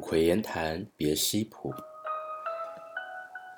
魁岩談別西卜，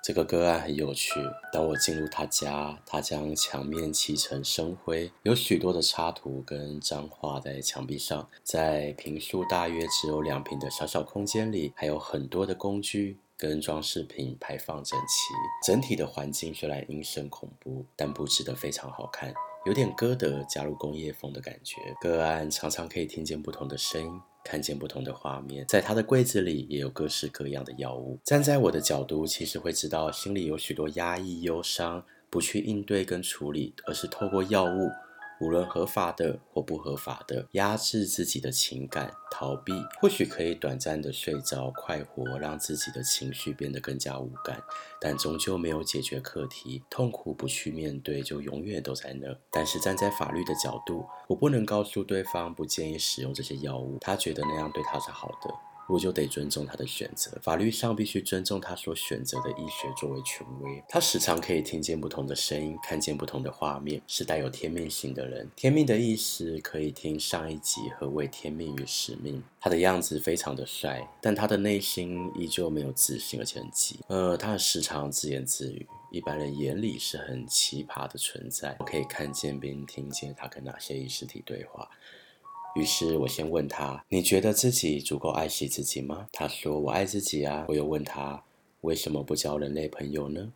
這個個案很有趣。當我進入他家，他將牆面漆成深灰，有許多的插圖跟髒話在牆壁上。在坪數大約只有兩坪的小小空間裡，還有很多的工具跟裝飾品排放整齊。整體的環境雖然陰森恐怖，但布置得非常好看，有點歌德加入工業風的感覺。個案常常可以聽見不同的聲音。看見不同的畫面，在他的櫃子裡也有各式各樣的藥物。站在我的角度，其實會知道心裡有許多壓抑、憂傷，不去應對跟處理，而是透過藥物。無論合法的或不合法的，壓制自己的情感、逃避，或許可以短暫的睡着、快活，讓自己的情緒變得更加無感，但終究沒有解決課題。痛苦不去面對，就永遠都在那。但是站在法律的角度，我不能告訴對方不建議使用這些藥物，他覺得那樣對他是好的。我就得尊重他的選擇，法律上必須尊重他所選擇的醫學作為權威。他時常可以聽見不同的聲音，看見不同的畫面，是帶有天命型的人。天命的意思可以聽上一集《何為天命與使命》。他的樣子非常的帥，但他的內心依舊沒有自信，而且很急。呃，他時常自言自語，一般人眼裡是很奇葩的存在。我可以看見並聽見他跟哪些意識體對話。於是我先問他：“你覺得自己足夠愛惜自己嗎？”他說：“我愛自己啊。”我又問他：“為什麼不交人類朋友呢？”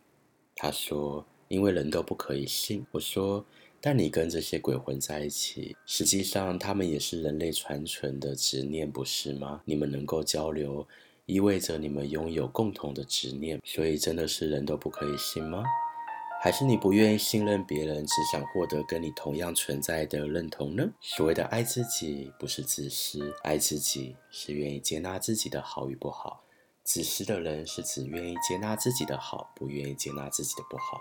他說：“因為人都不可以信。”我說：“但你跟這些鬼魂在一起，實際上他們也是人類傳承的執念，不是嗎？你們能夠交流，意味着你們擁有共同的執念，所以真的是人都不可以信嗎？”還是你不願意信任別人，只想獲得跟你同樣存在的認同呢？所謂的愛自己，不是自私，愛自己是願意接納自己的好與不好。自私的人是只願意接納自己的好，不願意接納自己的不好，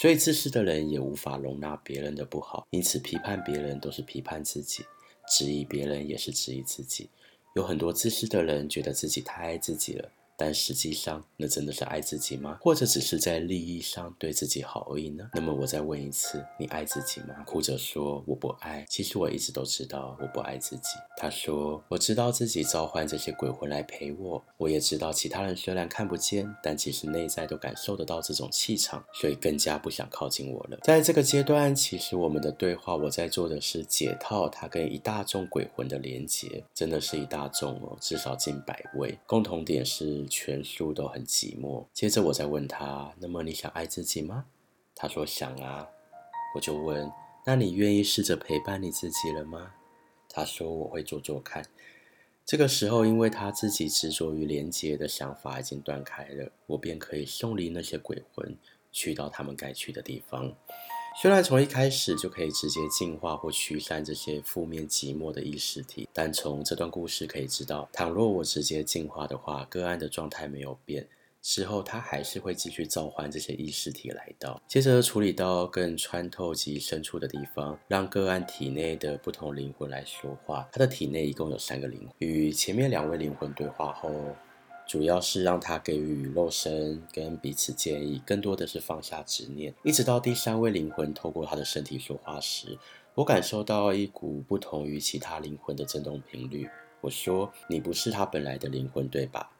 所以自私的人也無法容納別人的不好。因此，批判別人都是批判自己，質疑別人也是質疑自己。有很多自私的人覺得自己太愛自己了。但實際上，那真的是愛自己嗎？或者只是在利益上對自己好而已呢？那麼我再問一次，你愛自己嗎？哭着說我不愛。其實我一直都知道我不愛自己。他說，我知道自己召喚這些鬼魂來陪我，我也知道其他人雖然看不見，但其實內在都感受得到這種氣場，所以更加不想靠近我了。在這個階段，其實我們的對話，我在做的是解套他跟一大眾鬼魂的連結，真的是一大眾哦，至少近百位。共同點是，全數都很寂寞。接着我再問他：“那麼你想愛自己嗎？”他說：“想啊。”我就問：“那你願意試着陪伴你自己了嗎？”他說：“我會做做看。”這個時候，因為他自己執着於連接的想法已經斷開了，我便可以送離那些鬼魂，去到他們該去的地方。雖然從一開始就可以直接淨化或驅散這些負面寂寞的意識體，但從這段故事可以知道，倘若我直接淨化的話，個案的狀態沒有變，之後他還是會繼續召喚這些意識體來到，接着處理到更穿透及深處的地方，讓個案體內的不同的靈魂來說話。他的體內一共有三個靈魂，與前面兩位靈魂對話後。主要是讓他給予肉身跟彼此建議，更多的是放下執念。一直到第三位靈魂透過他的身體說話時，我感受到一股不同於其他靈魂的震動頻率。我說：“你不是他本來的靈魂，對吧？”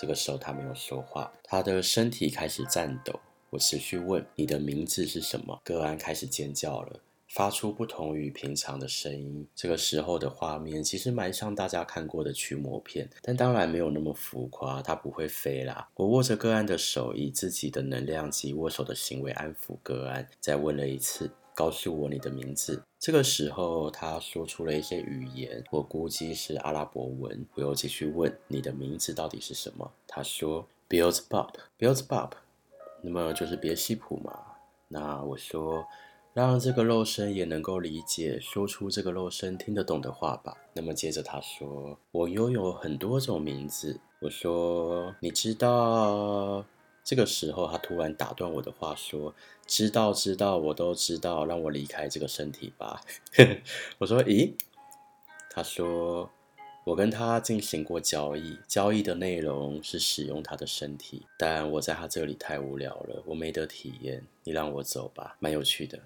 這個時候他沒有說話，他的身體開始顫抖。我持續問：“你的名字是什麼？”個案開始尖叫了。發出不同於平常的聲音。這個時候的畫面其實蠻像大家看過的驅魔片，但當然沒有那麼浮誇。它不會飛啦。我握着個案的手，以自己的能量及握手的行為安撫個案。再問了一次，告訴我你的名字。這個時候，他說出了一些語言，我估計是阿拉伯文。我又繼續問，你的名字到底是什麼？他說：Beelzebub，Beelzebub。那麼就是別西卜嘛？那我說。讓這個肉身也能夠理解，說出這個肉身聽得懂的話吧。那麼接着他說：“我擁有很多種名字。”我說：“你知道？”這個時候，他突然打斷我的話，說：“知道，知道，我都知道。讓我離開這個身體吧。 ”我說：“咦？”他說：“我跟他進行過交易，交易的內容是使用他的身體。但我在他這裡太無聊了，我沒得體驗。你讓我走吧，蠻有趣的。”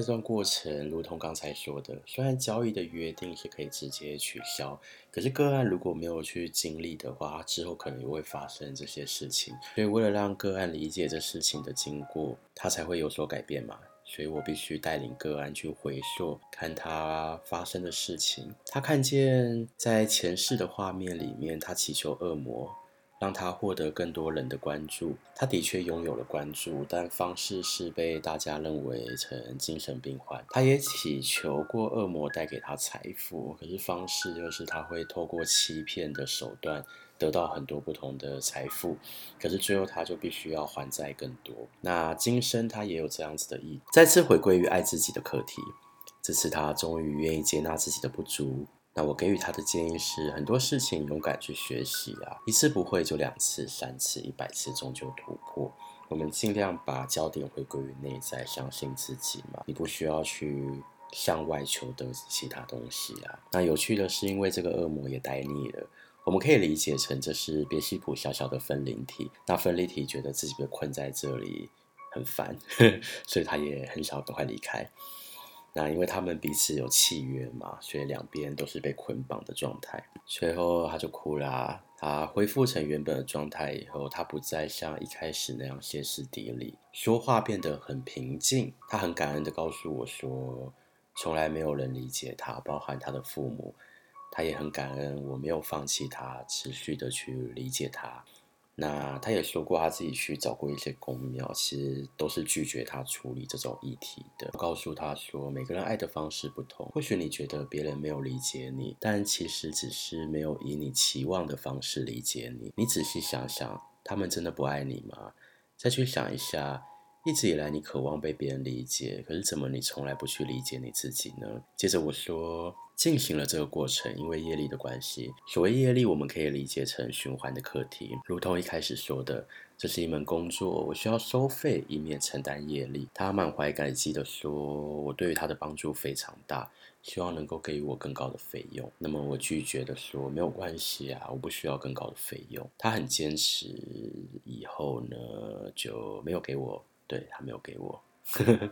這段過程如同剛才說的，雖然交易的約定是可以直接取消，可是個案如果沒有去經歷的話，之後可能也會發生這些事情。所以為了讓個案理解這事情的經過，他才會有所改變嘛。所以我必須帶領個案去回溯，看他發生的事情。他看見在前世的畫面裡面，他祈求惡魔。讓他獲得更多人的關注，他的確擁有了關注，但方式是被大家認為成精神病患。他也祈求過惡魔帶給他財富，可是方式就是他會透過欺騙的手段得到很多不同的財富，可是最後他就必須要還債更多。那今生他也有這樣子的意，再次回歸於愛自己的課題，這次他終於願意接納自己的不足。那我給予他的建議是，很多事情勇敢去學習啊，一次不會就兩次、三次、一百次，終究突破。我們盡量把焦點回歸於內在，相信自己嘛。你不需要去向外求得其他東西啊。那有趣的是，因為這個惡魔也呆膩了，我們可以理解成這是別西卜小小的分離體。那分離體覺得自己被困在這裡很煩，呵呵，所以他也很想趕快離開。那因為他們彼此有契約嘛，所以兩邊都是被捆綁的狀態。隨後他就哭了啊。他恢復成原本的狀態以後，他不再像一開始那樣歇斯底里，說話變得很平靜。他很感恩的告訴我說，從來沒有人理解他，包含他的父母。他也很感恩我沒有放棄他，持續的去理解他。那他也說過，他自己去找過一些宮廟，其實都是拒絕他處理這種議題的。告訴他說，每個人愛的方式不同。或許你覺得別人沒有理解你，但其實只是沒有以你期望的方式理解你。你仔細想想，他們真的不愛你嗎？再去想一下。一直以來，你渴望被別人理解，可是怎麼你從來不去理解你自己呢？接着我說進行了這個過程，因為業力的關係。所謂業力，我們可以理解成循環的課題，如同一開始說的，這是一門工作，我需要收費，以免承擔業力。他滿懷感激地說，我對於他的幫助非常大，希望能夠給予我更高的費用。那麼我拒絕的說，沒有關係啊，我不需要更高的費用。他很堅持，以後呢就沒有給我。對，他沒有給我，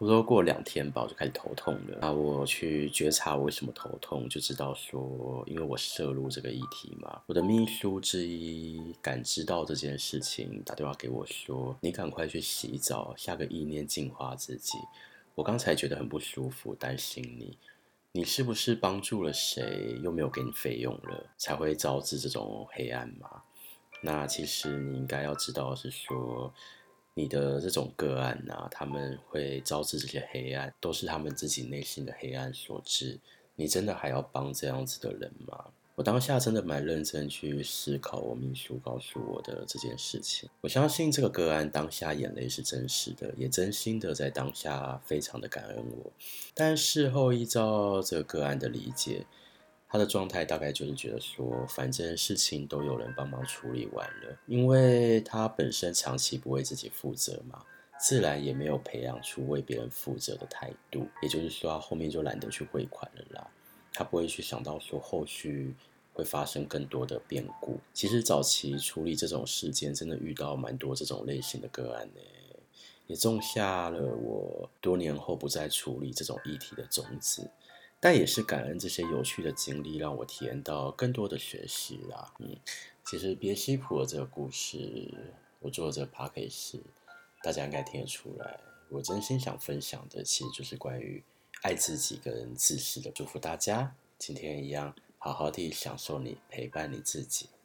我說過兩天吧，我就開始頭痛了。那、啊、我去覺察我為什麼頭痛，就知道說因為我攝入這個議題嘛。我的秘書之一感知到這件事情，打電話給我說：“你趕快去洗澡，下個意念淨化自己。”我剛才覺得很不舒服，擔心你，你是不是幫助了誰又沒有給你費用了，才會招致這種黑暗嘛？那其實你應該要知道是說。你的這種個案啊，他們會招致這些黑暗，都是他們自己內心的黑暗所致。你真的還要幫這樣子的人嗎？我當下真的蠻認真去思考我秘書告訴我的這件事情。我相信這個個案當下眼淚是真實的，也真心的在當下非常的感恩我。但事後依照這個個案的理解，他的狀態大概就是覺得說，反正事情都有人幫忙處理完了，因為他本身長期不為自己負責嘛，自然也沒有培養出為別人負責的態度。也就是說，他後面就懶得去匯款了啦。他不會去想到說後續會發生更多的變故。其實早期處理這種事件，真的遇到蠻多這種類型的個案呢、欸，也種下了我多年後不再處理這種議題的種子。但也是感恩這些有趣的經歷，讓我體驗到更多的學習啦。嗯，其實別西卜的這個故事，我做的這個 package，大家應該聽得出來。我真心想分享的，其實就是關於愛自己跟自私的。祝福大家，今天一樣，好好的享受你，陪伴你自己。